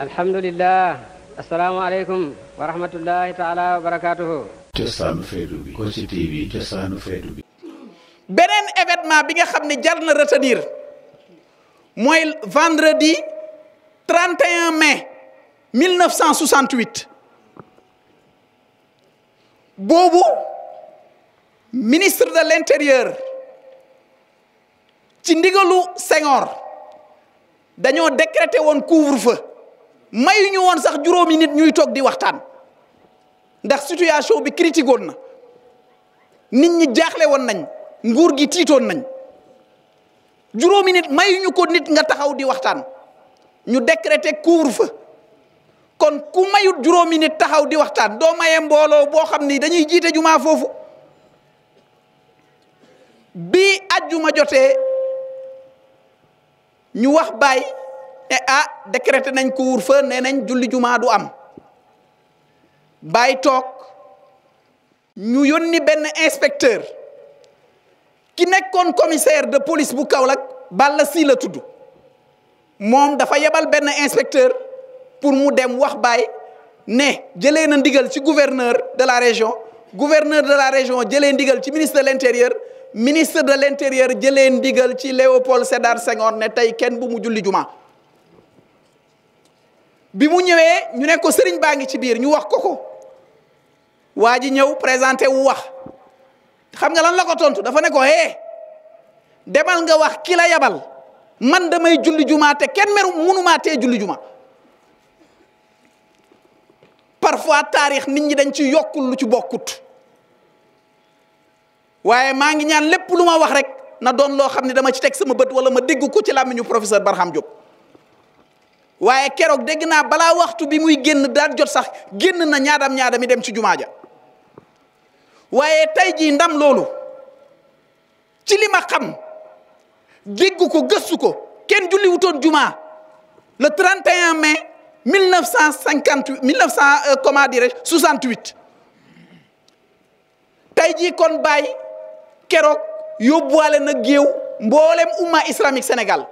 الحمد لله السلام عليكم ورحمة الله تعالى وبركاته جسان فيدوبي كوتي تي في جسان فيدوبي بنين إيفيت ما بيجا خبنا جارنا رتدير موي فاندردي 31 مايو 1968 بوبو ministre de l'intérieur ci ndigalu senghor dañoo décrété woon couvre feu mayuñu woon sax juróomi nit ñuy toog di waxtaan ndax situation bi critique na nit ñi jaaxle woon nañ nguur gi tiitoon nañ juróomi nit mayuñu ko nit nga taxaw di waxtaan ñu décréter couvre-feu kon ku mayut juróomi nit taxaw di waxtaan doo maye mbooloo boo xam ni dañuy jiite jumaa foofu bi ajjuma jotee ñu wax Baye ne eh, ah décrété nañ ko wur fa nee nañ julli jumaa du am bàyyi toog ñu yónni benn inspecteur ki nekkoon commissaire de police bu Kaolack Balla Sy la tudd moom dafa yebal benn inspecteur pour mu dem wax baay ne jëlee na ndigal ci gouverneur de la région gouverneur de la région jëlee ndigal ci ministre de l' intérieur ministre de l' intérieur jëlee ndigal ci Léopold Sédar Senghor ne tey kenn bu mu julli jumaa bi mu ñëwee ñu ne sëriñ baa ngi ci biir ñu wax ko ko waa ji ñëw présenté wu wax xam nga lan la ko tontu dafa ne ko demal nga wax ki la yabal man damay julli juma kenn meru munumaa tee julli juma parfois taarix nit ñi dañ ci yokkul lu ci bokkut waaye maa ngi ñaan lépp lu ma wax rek na doon loo xam ne dama ci teg sama bët wala ma dégg ko ci làmmiñu professeur Barham Diop waaye keroog dégg naa balaa waxtu bi muy génn daal jot sax génn na ñaadam ñaadami dem ci jumaa ja waaye tey jii ndam loolu ci li ma xam dégg ko gëstu ko kenn julli wutoon jumaa le 31 mai 1958 1900 euh, comment dirais-je 68 tey jii kon bàyyi keroog yóbbuwaale na géew mboolem umma islamique Sénégal.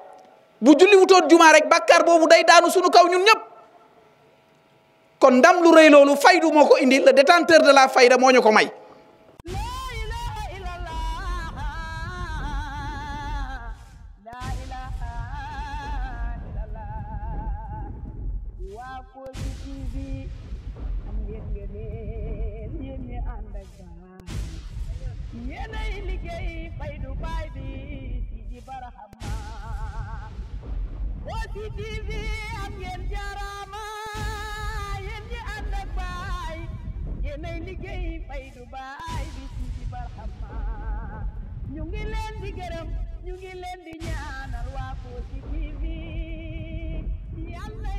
bu julli wutoon jumaa rek bàkkaar boobu day daanu suñu kaw ñun ñëpp kon ndam lu rëy loolu faydu moo ko indi le détenteur de la fayda moo ko may si TV am ngeen jaaraama yéen ñi ànd baay yéenay liggéey fay du baay bi si di barxama ñu ngi leen di gërëm ñu ngi leen di ñaanal waa Kossy TV yàlla